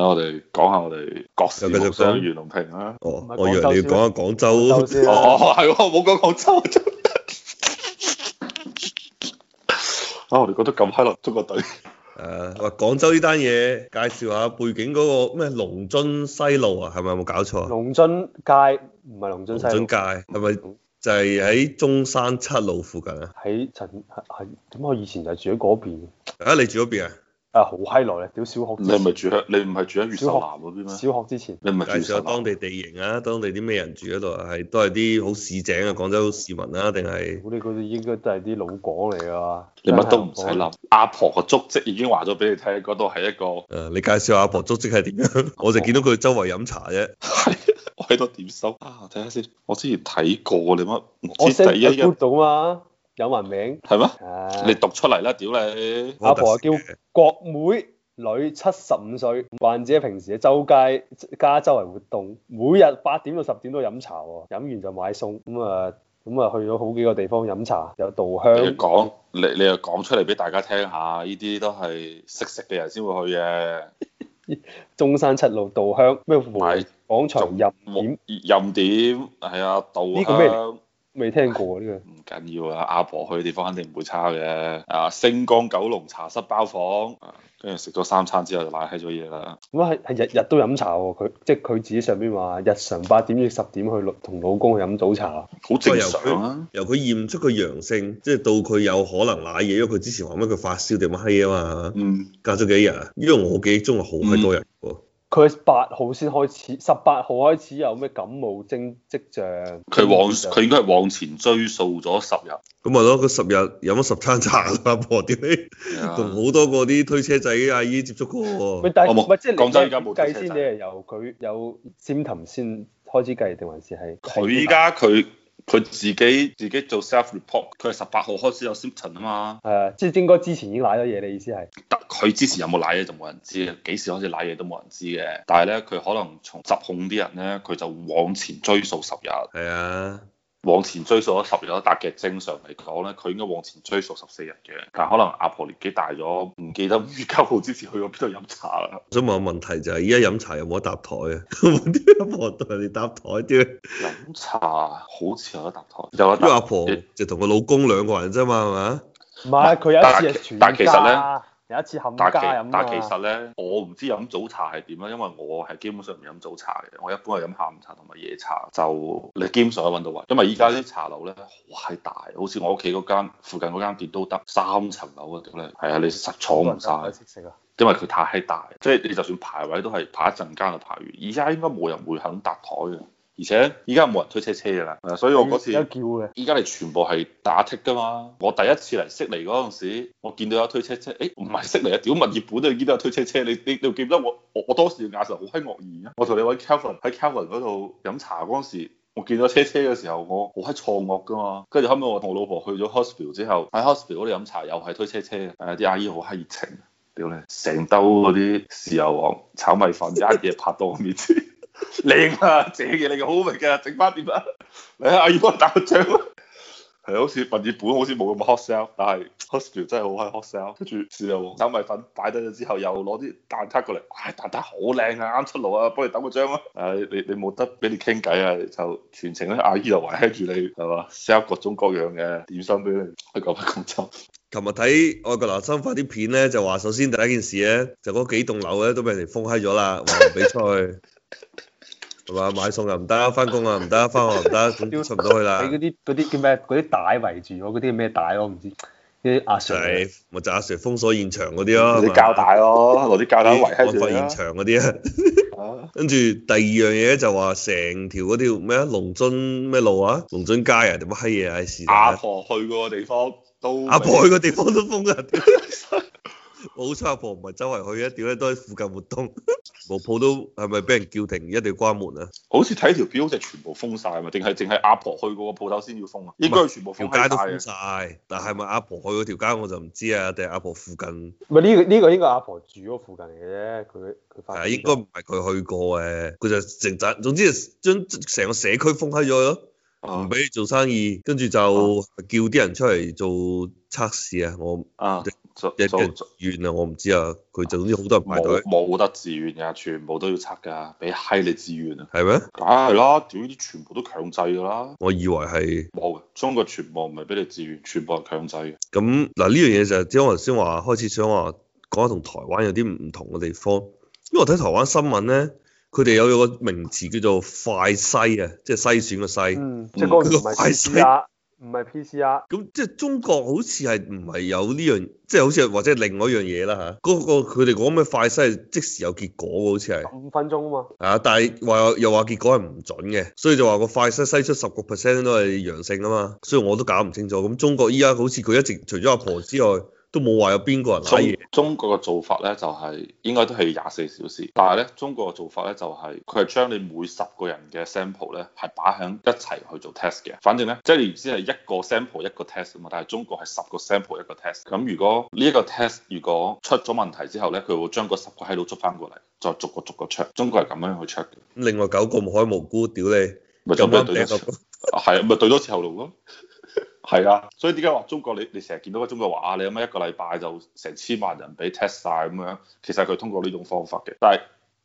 我哋講下我哋國事啦，繼續袁隆平啦。哦，我以為你要講下廣州。哦，冇講廣州。啊、 哦，我哋、 哦、覺得咁嗨落中國隊。誒，話、呃、廣州呢單嘢，介紹下背景嗰個咩龍津西路啊，係咪有冇搞錯、啊？龍津街唔係龍津西路。龍津街係咪就係喺中山七路附近啊？喺陳係係，點解我以前就住喺嗰邊？啊，你住嗰邊啊？啊，好嗨耐啦，屌小學。你唔係住喺，你唔係住喺越秀南嗰邊咩？小學之前。你唔係住喺、啊、當地地形啊？當地啲咩人住嗰度啊？係都係啲好市井嘅廣州市民啦，定係？嗰啲嗰啲應該都係啲老廣嚟啊！你乜都唔使諗，阿婆嘅足跡已經話咗俾你聽，嗰度係一個。誒，你介紹下阿婆足跡係點樣？我就見到佢周圍飲茶啫。係、啊，我喺度點收啊？睇下先，我之前睇過你乜？我 send 第一有文名係咩？嗎啊、你讀出嚟啦，屌你！阿婆叫國妹女，七十五歲，患者平時喺周街加周圍活動，每日八點到十點都飲茶，飲完就買餸咁啊，咁啊去咗好幾個地方飲茶，有稻香。你講，你你又講出嚟俾大家聽下，呢啲都係識食嘅人先會去嘅。 中山七路稻香咩？係廣場任點？任點？係啊，稻香。未聽過呢個，唔緊要啊！阿、 啊、婆去嘅地方肯定唔會差嘅。啊，星光九龍茶室包房，跟住食咗三餐之後就賴喺咗嘢啦。咁係係日日都飲茶喎、啊，佢即係佢自己上邊話，日常八點至十點去同老公去飲早茶、啊，好正常啊。由佢驗出佢陽性，即係到佢有可能賴嘢，因為佢之前話乜佢發燒定乜閪啊嘛。嗯。隔咗幾日，因為我記憶中係好閪多人喎、啊。嗯。佢八號先開始，十八號開始有咩感冒症跡象。佢往佢應該係往前追溯咗十日。咁咪咯，佢十日飲咗十餐茶啦，婆點解同好多嗰啲推車仔阿姨接觸過？喂 是，但係唔係即係講真，而家計先？你係由佢有先銳先開始計，定還是係佢依家佢？佢自己自己做 self report，佢係十八號開始有 symptom 啊嘛，係啊，即係應該之前已經瀨咗嘢，你意思係？但佢之前有冇瀨嘢就冇人知，幾時開始瀨嘢都冇人知嘅。但係咧，佢可能從執控啲人咧，佢就往前追溯十日。係啊。往前追溯咗十日，咁搭嘅正常嚟講咧，佢應該往前追溯十四日嘅。但係可能阿婆年紀大咗，唔記得二九號之前去過邊度飲茶啦。我想問個問題就係、是，依家飲茶有冇得搭台啊？冇啲阿婆同人哋搭台啲啫。飲茶好似有得搭台，有得搭，因為，阿婆就同個老公兩個人啫嘛，係咪啊？唔係，佢有一次係全家。但其實呢有一次冚家飲，但其實咧，我唔知飲早茶係點啦，因為我係基本上唔飲早茶嘅，我一般係飲下午茶同埋夜茶，就你基本上可以揾到位。因為依家啲茶樓咧，好係大，好似我屋企嗰間附近嗰間店都得三層樓度咧，係啊，你實坐唔晒，因為佢太大，即係你就算排位都係排一陣間就排完。而家應該冇人會肯搭台嘅。而且依家冇人推車車噶啦，所以我嗰次依家叫嘅，依家你全部係打剔噶嘛。我第一次嚟悉尼嗰陣時，我見到有推車車，誒、欸，唔係悉尼啊，屌，物業本都見到有推車車，你你你記唔記得我？我我當時嘅眼神好閪惡意啊！我同你位 Kelvin 喺 Kelvin 嗰度飲茶嗰陣時，我見到車車嘅時候，我好閪錯愕噶嘛。跟住後尾我同我老婆去咗 Hospital 之後，喺 Hospital 嗰度飲茶又係推車車，但係，啲阿姨好閪熱情，屌你，成兜嗰啲豉油王炒米粉一嘢 拍到我面前。 靚 啊，謝嘢靚嘅，好味嘅，整翻點啊！嚟啊， 阿姨幫我打個章、啊。係， 好似文業本好似冇咁 hot sell，但係 hot sell 真係好係 hot sell。跟住之後炒米粉擺低咗之後，又攞啲蛋撻過嚟，唉、哎，蛋撻好靚啊，啱出爐啊，幫你打個章啊。唉、 哎，你你冇得俾你傾偈啊，就全程咧，阿姨就圍喺住你，係嘛，sell 各種各樣嘅點心俾你。唔夠乜咁做。琴 日睇外國男生發啲片咧，就話首先第一件事咧，就嗰幾棟樓咧都俾人哋封閪咗啦，唔俾出去。 係嘛？買餸又唔得，翻工啊唔得，翻學唔得，咁出唔到去啦。你嗰啲嗰啲叫咩？嗰啲帶圍住我，嗰啲咩帶我唔知。啲阿 Sir，我就是就是、阿 Sir 封鎖現場嗰啲咯，攞啲膠帶咯，攞啲膠帶圍喺度啦。案發現場嗰啲，跟住第二樣嘢就話成條嗰條咩啊？龍津咩路啊？龍津街啊？啲乜閪嘢啊？啊阿婆去過個地方都，阿婆去個地方都封啊！ 我好彩阿婆唔係周圍去，一點咧都喺附近活動。部鋪 都係咪俾人叫停，一定要關門啊？好似睇條表就全部封晒啊？嘛，定係淨係阿婆去過個鋪頭先要封啊？是應該全部封。條街都封晒，但係咪阿婆去嗰條街我就唔知啊，定係阿婆附近？唔係呢個呢、這個呢個應該阿婆住嗰附近嘅啫，佢佢。係啊，應該唔係佢去過嘅，佢就成扎。總之，將成個社區封開咗咯。唔俾你做生意，跟住就叫啲人出嚟做測試啊！人我啊，即係即係自願啊！我唔知啊，佢總之好多人排隊。冇得志願呀，全部都要測㗎，俾閪你自願啊！係咩嗎？梗係啦，點啲全部都強制㗎啦！我以為係冇嘅，中國全部唔係俾你自願，全部係強制嘅。咁嗱，呢樣嘢就係即我頭先話開始想話講下同台灣有啲唔同嘅地方，因為我睇台灣新聞咧。佢哋有有個名詞叫做快篩啊，即係篩選個篩、嗯，即係嗰個 R，快篩，唔係 P C R。咁即係中國好似係唔係有呢、這、樣、個，即係好似或者另外一樣嘢啦吓。嗰個佢哋講咩快篩係即時有結果嘅，好似係五分鐘啊嘛。啊，但係話又話結果係唔準嘅，所以就話個快篩篩出十個 percent 都係陽性啊嘛。所以我都搞唔清楚。咁中國依家好似佢一直除咗阿婆之外。嗯都冇話有邊個人睇嘢。中國嘅做法咧就係應該都係廿四小時。但係咧，中國嘅做法咧就係佢係將你每十個人嘅 sample 咧係擺喺一齊去做 test 嘅。反正咧，即係你唔知係一個 sample 一個 test 啊嘛。但係中國係十個 sample 一個 test。咁如果呢一個 test 如果出咗問題之後咧，佢會將嗰十個喺度捉翻過嚟，再逐個逐個 check。中國係咁樣去 check 嘅。另外九個唔可以無辜屌你，咪就唔對住？係咪對多次喉嚨咯？ 係啊，所以點解話中國你你成日見到個中國話啊，你咁樣一個禮拜就成千萬人俾 test 晒，咁樣其實佢通過呢種方法嘅，但係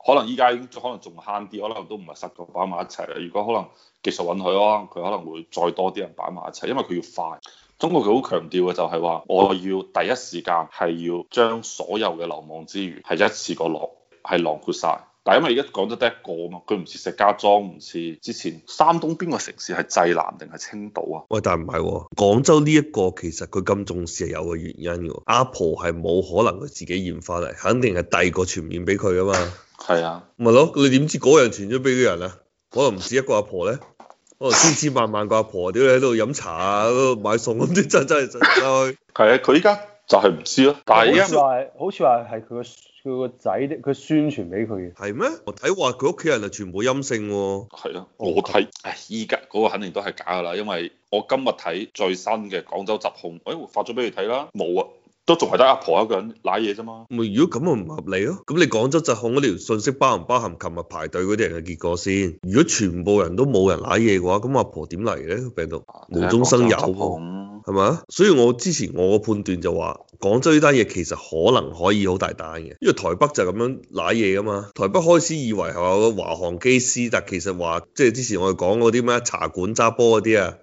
可能依家已經可能仲慳啲，可能都唔係十個擺埋一齊啦。如果可能技術允許咯，佢可能會再多啲人擺埋一齊，因為佢要快。中國佢好強調嘅就係話，我要第一時間係要將所有嘅流亡之餘係一次過攞係囊括晒。但因為而家講得得一個啊嘛，佢唔似石家莊，唔似之前山東邊個城市係濟南定係青島啊？喂，但係唔係喎，廣州呢一個其實佢咁重視係有個原因嘅。阿婆係冇可能佢自己驗翻嚟，肯定係第二個傳染俾佢啊嘛。係啊，咪咯，你點知嗰人傳咗俾啲人啊？可能唔止一個阿婆咧，可能千千萬萬個阿婆，屌你喺度飲茶 啊，買餸咁啲真真係真真係。係啊，佢依家。就係唔知咯，但係好似話，好似話係佢個佢個仔啲佢宣傳俾佢嘅，係咩？我睇話佢屋企人啊全部陰性喎，係啊，我睇，唉、哦，依家嗰個肯定都係假㗎喇，因為我今日睇最新嘅廣州疾控，誒、哎，發咗俾你睇啦，冇啊。都仲係得阿婆一個人攋嘢啫嘛。咪如果咁咪唔合理咯。咁你廣州疾控嗰條信息包唔包含琴日排隊嗰啲人嘅結果先？如果全部人都冇人攋嘢嘅話，咁阿婆點嚟咧？病毒無中生有喎，係咪啊？所以我之前我個判斷就話廣州呢單嘢其實可能可以好大單嘅，因為台北就咁樣攋嘢噶嘛。台北開始以為係有個華航機師，但其實話即係之前我哋講嗰啲咩茶館揸波嗰啲啊，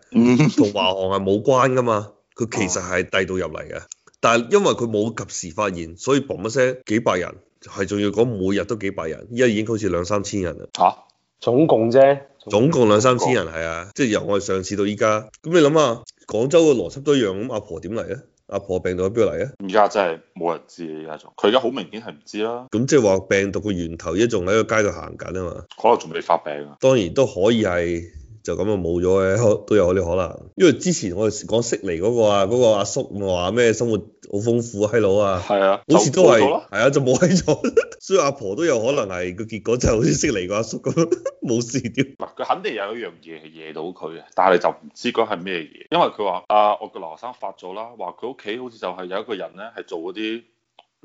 同華航係冇關噶嘛。佢其實係第二度入嚟嘅。但係因為佢冇及時發現，所以嘣一聲幾百人，係仲要講每日都幾百人，依家已經好似兩三千人啦。吓、啊，總共啫。總共兩三千人係啊共，即係由我哋上次到依家。咁你諗下，廣州嘅邏輯都一樣，咁阿婆點嚟啊？阿婆病毒喺邊度嚟啊？而家真係冇人知而家仲，佢而家好明顯係唔知啦。咁即係話病毒嘅源頭依家仲喺個街度行緊啊嘛，可能仲未發病啊。當然都可以係。就咁啊，冇咗嘅，都有啲可能。因為之前我哋講悉尼嗰個啊，嗰、嗰個阿叔話咩生活好豐富，閪佬啊，係啊，好似都係，係啊，就冇閪咗。了啊、 所以阿婆都有可能係個、嗯、結果就個叔叔，就好似悉尼個阿叔咁，冇事點？佢肯定有一樣嘢係惹到佢啊，但係就唔知嗰係咩嘢。因為佢話啊，我個留學生發咗啦，話佢屋企好似就係有一個人咧，係做嗰啲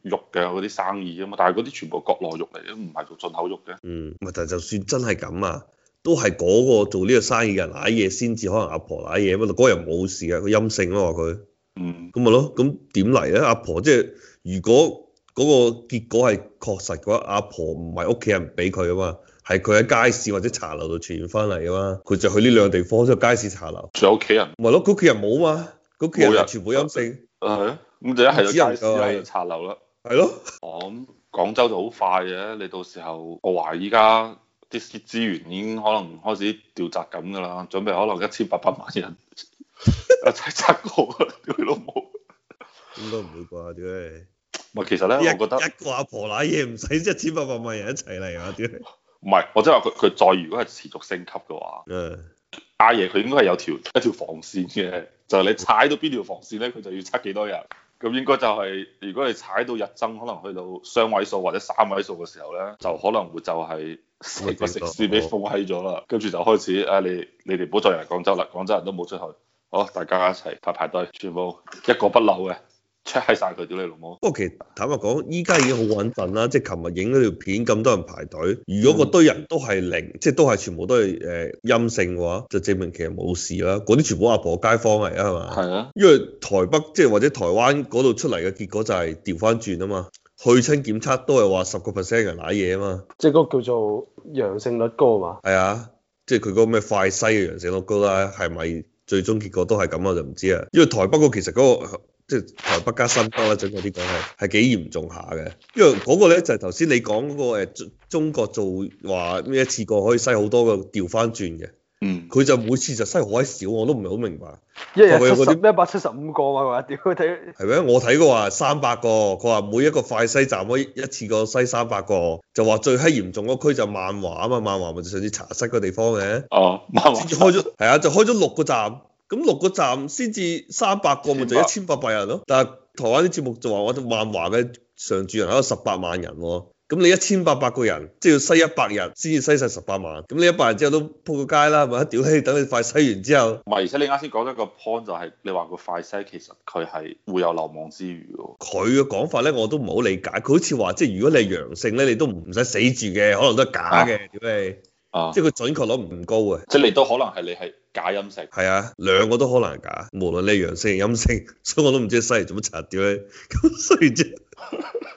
肉嘅嗰啲生意啊嘛，但係嗰啲全部國內肉嚟，嘅，唔係做進口肉嘅。嗯，咪就就算真係咁啊。都係嗰個做呢個生意嘅人攋嘢先至可能阿婆攋嘢，不過嗰日冇事啊，佢陰性、嗯、咯，佢，嗯，咁咪咯，咁點嚟？咧？阿婆即係如果嗰個結果係確實嘅話，阿婆唔係屋企人俾佢啊嘛，係佢喺街市或者茶樓度傳染翻嚟啊嘛，佢就去呢兩個地方，即係街市茶樓、茶樓，仲有屋企人，人，咪咯，屋企人冇啊嘛，屋企人全部陰性，係啊，咁就一係就街市啦，嗯、茶樓啦，係咯，哦咁廣州就好快嘅，你到時候我懷疑依家。啲資源已經可能開始調集緊㗎啦，準備可能一千八百萬人一齊拆過佢屌你老母！ 應該唔會啩？屌你！唔係其實咧，一我覺得一個阿婆賴嘢唔使一千八百萬人一齊嚟啊！屌你！唔係，我即係話佢佢再如果係持續升級嘅話，阿 爺佢應該係有條一條防線嘅，就係、是、你踩到邊條防線咧，佢就要測幾多人。咁應該就係、是，如果你踩到日增可能去到雙位數或者三位數嘅時候咧，就可能會就係個食肆俾封閉咗啦，跟住就開始，唉、哎、你你哋唔好再嚟廣州啦，廣州人都冇出去，好，大家一齊排排隊，全部一個不漏嘅。check 閪晒佢屌你老母！不過其實坦白講，依家已經好穩陣啦，即係琴日影咗條片咁多人排隊，如果嗰堆人都係零，即係都係全部都係誒陰性嘅話，就證明其實冇事啦。嗰啲全部阿婆街坊嚟啊嘛，係啊是是，因為台北即係或者台灣嗰度出嚟嘅結果就係調返轉啊嘛，去親檢測都係話十個 percent 人瀨嘢啊嘛，即係嗰叫做陽性率高啊嘛，係啊，即係佢嗰個咩快篩嘅陽性率高啦，係咪最終結果都係咁我就唔知啊。因為台北嗰其實嗰、嗰個。即係台北加新北啦，總共啲講係係幾嚴重下嘅，因為嗰個咧就係頭先你講嗰個誒中中國做話咩一次過可以西好多個調翻轉嘅，嗯，佢就每次就西好閪少，我都唔係好明白。因佢一日一百七十五個嘛，話屌睇。係咪？我睇過話三百個，佢話每一個快西站可一次過西三百個，就話最閪嚴重嗰區就萬華啊嘛，萬華咪就上次茶室個地方嘅。哦。萬華開咗係啊！就開咗六個站。咁六個站先至三百個，咪就一千八百人咯。但係台灣啲節目就話我哋萬華嘅常住人口有十八萬人喎。咁你一千八百個人，即係要篩一百人先至篩晒十八萬。咁你一百人之後都鋪個街啦，係咪？屌嘿，等你快篩完之後，唔係。而且你啱先講咗個 point 就係，你話個快篩其實佢係會有漏網之魚喎。佢嘅講法咧，我都唔好理解。佢好似話，即係如果你係陽性咧，你都唔使死住嘅，可能都係假嘅，屌你。啊。啊。即係佢準確率唔高啊。即係你都可能係你係。假音色係啊，兩個都可能假，無論你係陽聲定陰聲，所以我都唔知西嚟做乜拆掉樣。咁雖然啫，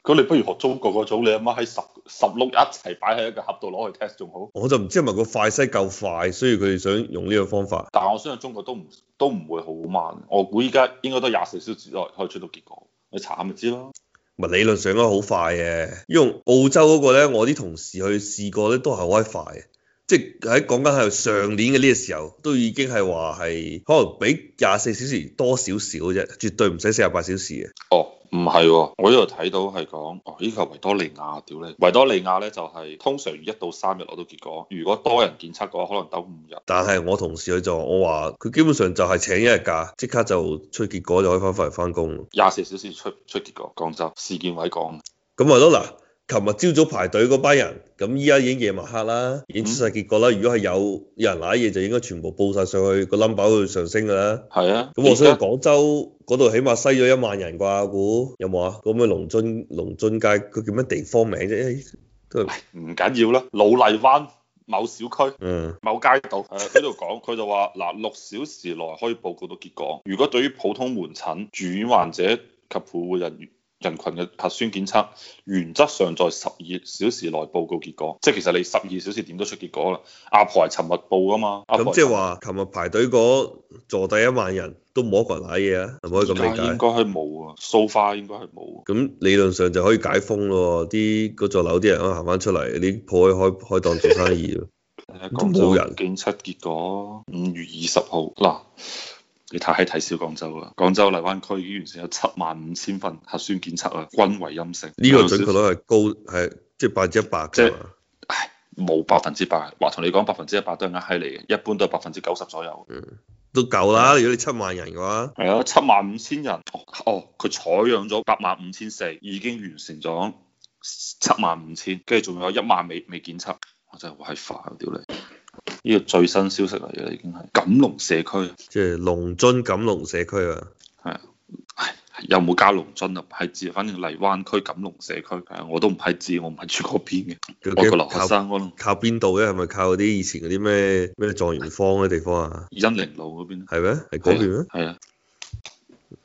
咁你不如學中國嗰組，你阿媽喺十十六日一齊擺喺一個盒度攞去 test 仲好。我就唔知係咪個快西夠快，所以佢哋想用呢個方法。但係我相信中國都唔都唔會好慢，我估依家應該都廿四小時內可以出到結果，你查下咪知咯。咪理論上都好快嘅，因為澳洲嗰個咧，我啲同事去試過咧，都係好快嘅。即係喺講緊係上年嘅呢個時候，都已經係話係可能比廿四小時多少少啫，絕對唔使四十八小時嘅、哦。哦，唔係，我呢度睇到係講，哦，依個係維多利亞，屌你，維多利亞咧就係、是、通常一到三日攞到結果，如果多人檢測嘅話，可能等五日。但係我同事去做，我話，佢基本上就係請一日假，即刻就出結果就可以翻返嚟翻工。廿四小時出出結果，廣州市衛健委講嘅。咁啊，嗱。琴日朝早排隊嗰班人，咁依家已經夜晚黑啦，已經出晒結果啦。嗯、如果係有，有人瀨嘢，就應該全部報晒上去，個 number 會上升噶啦。係啊，咁我所以廣州嗰度在起碼篩咗一萬人啩？估有冇啊？咁咪龍津龍津街，佢叫咩地方名啫？都唔緊要啦，老荔灣某小區，嗯，某街道，誒、呃，喺度講，佢 就話嗱，六小時內可以報告到結果。如果對於普通門診、住院患者及護理人員。人群嘅核酸檢測原則上在十二小時內報告結果，即係其實你十二小時點都出結果啦。阿婆係尋日報噶嘛？咁、啊、即係話尋日排隊嗰座底一萬人都冇一個人舐嘢啊？係咪可以咁理解？應該係冇啊，so far 應該係冇。咁理論上就可以解封咯，啲嗰座樓啲人可以行翻出嚟，你破開開檔做生意咯。 都冇人檢測結果，五月二十號嗱。你睇睇小廣州啦！廣州荔灣區已經完成咗七萬五千份核酸檢測啊，均為陰性。呢個準確率係高係即係百分之一百，即係冇百分之一百。話同你講百分之一百都係啱閪嚟嘅，一般都係百分之九十左右、嗯。都夠啦。如果你七萬人嘅話，係啊、嗯，七萬五千人。哦，佢、哦、採樣咗八萬五千四，已經完成咗七萬五千，跟住仲有一萬未未檢測。我真係好閪煩屌你。呢個最新消息嚟嘅已經係錦龍社區，即係龍津錦,錦龍社區啊。係啊，有冇加龍津啊？係指反正荔灣區錦龍社區，啊、我都唔係知，我唔係住嗰邊嘅。竟我個學生，我靠邊度咧？係咪靠嗰啲、啊、以前嗰啲咩咩狀元坊嘅地方啊？恩、啊、寧路嗰邊。係咩？係嗰邊？係啊。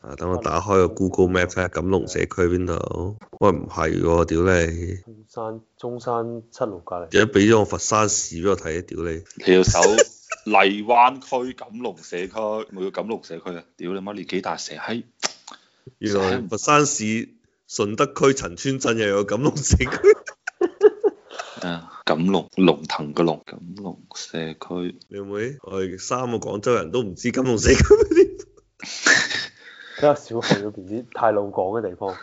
啊！等我打開個 Google Map 查下錦龍社區邊度？喂、哎，唔係喎，屌你！中山中山七路隔籬。而家俾咗我佛山市俾我睇一，屌你！你要搜荔灣區錦龍社區，我要錦龍社區啊！屌你媽！你幾大社閪？原來佛山市順德區陳村鎮又有錦龍社區。啊 錦龍龍騰嘅龍，錦龍社區。你妹！我哋三個廣州人都唔知錦龍社區喺 比較少去嗰邊啲太老港嘅地方，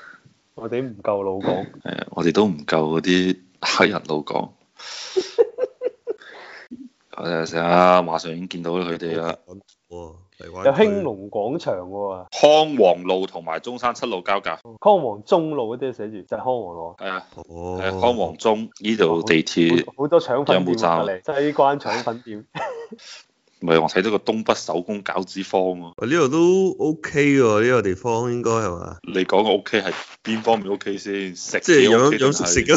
我哋唔夠老港。係 我哋都唔夠嗰啲黑人老港。 我哋成日，馬上已經見到佢哋啦。 有興隆廣場喎。康王路同埋中山七路交界。康 王中路嗰啲寫住就係、是、康王路。係啊。康 王中呢度地鐵。好多腸粉店。有冇站？西關腸粉店。 唔係，我睇到個東北手工餃子坊啊，啊，呢度都 OK 喎，呢個地方應該係嘛？你講個 OK 係邊方面 OK 先？食即係有有食食嘅。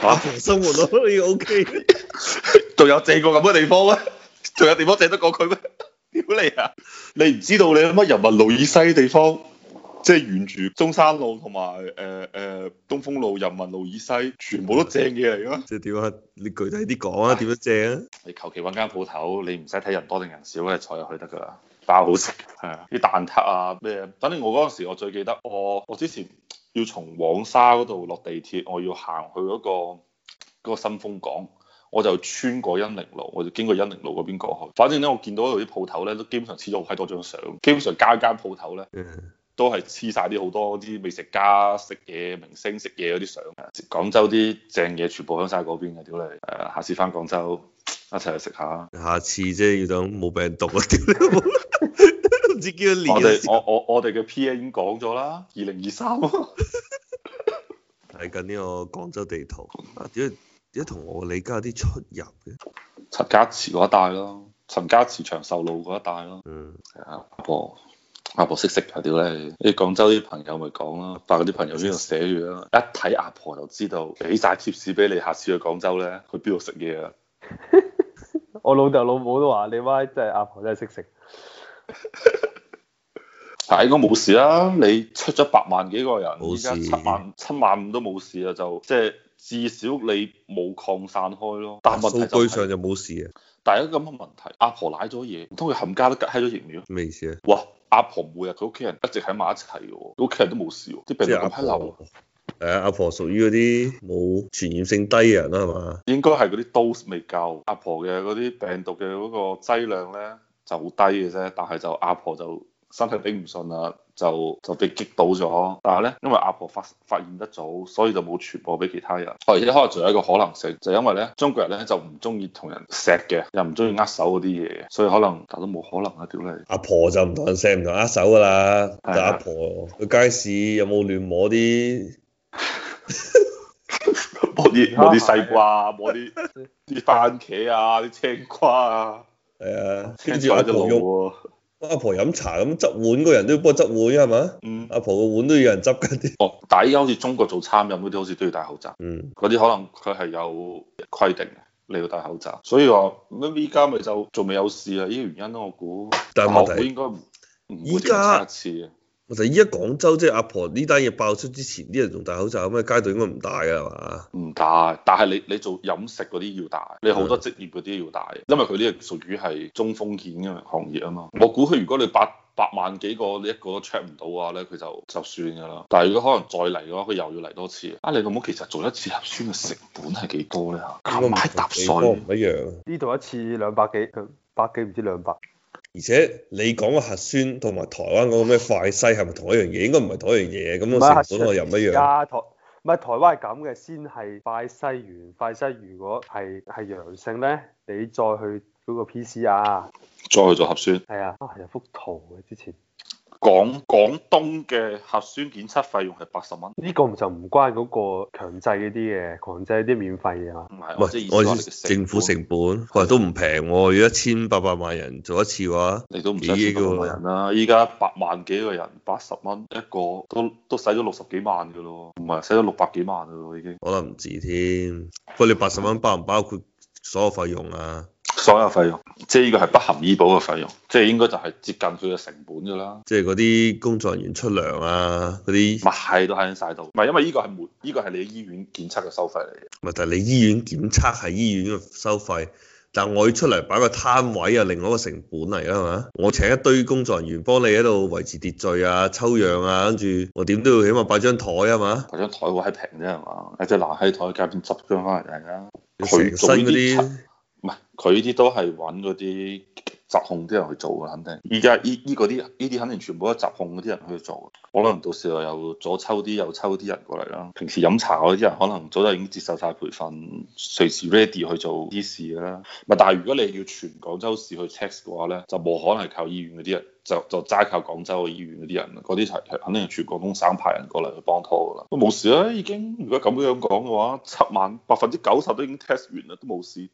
嚇！生活咯，可以 OK，仲有借過咁嘅地方咩？仲有地方借得過佢咩？屌你啊！你唔知道你乜人民路以西地方？即係沿住中山路同埋誒誒東風路、人民路以西，全部都正嘢嚟咯。即係點啊？你具體啲講啊？點唉樣正啊？你求其揾間鋪頭，你唔使睇人多定人少，你坐入去得噶啦。包好食，係啊，啲蛋撻啊咩？反正我嗰陣時我最記得我，我之前要從黃沙嗰度落地鐵，我要行去嗰個嗰個新風港，我就穿過恩寧路，我就經過恩寧路嗰邊過去。反正咧，我見到嗰度啲鋪頭咧，都基本上黐咗好多張相，基本上間間鋪頭咧。 都係黐晒啲好多啲美食家食嘢明星食嘢嗰啲相嘅，廣州啲正嘢全部響晒嗰邊嘅，屌你！誒，下次翻廣州一齊去食下。下次即係，要等冇病毒啊！屌，唔 知幾多年嘅事。我我我哋嘅 P A 已經講咗啦，二零二三啊。睇緊呢個廣州地圖，點解點解同我哋而家啲出入嘅？陳家祠嗰一帶咯，陳家祠長壽路嗰一帶咯。嗯，係啊，阿婆。阿婆識食啊！屌你，啲、欸、廣州啲朋友咪講咯，發嗰啲朋友圈度寫住咯，一睇阿婆就知道俾曬貼士俾你，下次去廣州咧去邊度食嘢啊！ 我老豆老母都話：你媽真係阿婆真係識食。係 應該冇事啦，你出咗百萬幾個人，而家事七萬七萬五都冇事啊！就即係。至少你冇擴散開咯，但係數據上就冇事啊。但係一個咁嘅問題，阿婆奶咗嘢，唔通佢冚家都隔咳咗疫苗？咩意思啊！哇，阿婆每日佢屋企人一直喺埋一齊嘅，佢屋企人都冇事喎，啲病毒冇喺漏。係啊，啊、阿婆屬於嗰啲冇傳染性低嘅人啦，係嘛？應該係嗰啲 dose 未夠，阿婆嘅嗰啲病毒嘅嗰個劑量咧就好低嘅啫，但係就阿婆就身體頂唔順啦。就就被擊倒咗，但係咧，因為阿婆發發現得早，所以就冇傳播俾其他人。而家可能仲有一個可能性，就是、因為咧中國人咧就唔中意同人錫嘅，又唔中意握手嗰啲嘢，所以可能但都冇可能啊！屌你，阿婆就唔同人錫，唔同人握手㗎啦，阿婆去是、啊、街市有冇亂摸啲摸啲啲西瓜，摸啲啲番茄啊，啲青瓜啊，係啊，甚至有隻龍喎。阿婆飲茶咁執碗，個人都要幫執碗，係咪？嗯，阿婆個碗都要有人執緊啲。哦，但係依家好似中國做餐飲嗰啲，好似都要戴口罩。嗯，嗰啲可能佢係有規定嘅，你要戴口罩。所以話咁依家咪就仲未有事啊？呢個原因咯，我估。但係我估應該唔。依家在。我哋依家廣州即係阿婆呢單嘢爆出之前，啲人仲戴口罩咁嘅街道應該唔戴啊係嘛？唔戴，但係你你做飲食嗰啲要戴，你好多職業嗰啲要戴，的因為佢呢個屬於係中風險嘅行業啊嘛。我估佢如果你八八萬幾個你一個都 check 唔到嘅話咧，佢就就算㗎啦。但係如果可能再嚟嘅話，佢又要嚟多次。啊，你可唔好其實做一次核酸嘅成本係幾多咧嚇？咁的埋搭水，唔一樣，呢度一次兩百幾，佢百幾唔知兩百。而且你講個核酸同埋台灣嗰個咩快篩係咪同一樣嘢？應該唔係同一樣嘢，咁是個成本我又唔一樣，啊。係啊，台唔係台灣係咁嘅，先係快篩完，快篩如果係係陽性咧，你再去嗰個 PCR，再去做核酸。係啊，有幅圖嘅之前。廣廣東嘅核酸檢測費用係八十蚊，呢個就唔關嗰個強制嗰啲嘢，強制啲免費嘢唔係，政府成本，佢話都唔平喎，要一千八百萬人做一次嘅話，你都唔使咁多人啦。依家八萬幾個人，八十蚊一個，都都使咗六十幾萬嘅咯，唔係使咗六百幾萬嘅咯已經。可能唔止添，不過你八十蚊包唔包括所有費用啊？所有費用，即係呢個係不含醫保嘅費用，即係應該就係接近佢嘅成本㗎啦。即係嗰啲工作人員出糧啊，嗰啲，物係都喺晒度。唔係因為呢個係沒，呢個係你醫院檢測嘅收費嚟嘅。咪但係你醫院檢測係醫院嘅收費，但係我要出嚟擺個攤位啊，另外一個成本嚟啦，係嘛？我請一堆工作人員幫你喺度維持秩序啊、抽樣啊，跟住我點都要起碼擺張台啊嘛。擺張台喎喺平啫係嘛？誒隻垃圾台，隔邊執張翻嚟就係啦。佢做嗰啲。那個 唔係，佢呢啲都係揾嗰啲疾控啲人去做嘅，肯定醫。依家依依啲，依啲肯定全部都係疾控嗰啲人去做。可能到時候又有左抽啲，右抽啲人過嚟啦。平時飲茶嗰啲人，可能早就已經接受晒培訓，隨時 ready 去做啲事啦。唔但係如果你要全廣州市去 test 嘅話咧，就冇可能係靠醫院嗰啲人，就就齋靠廣州嘅醫院嗰啲人。嗰啲係肯定係全廣東省派人過嚟去幫拖啦。都冇事啦，已經。如果咁樣講嘅話，七萬百分之九十都已經 test 完啦，都冇事。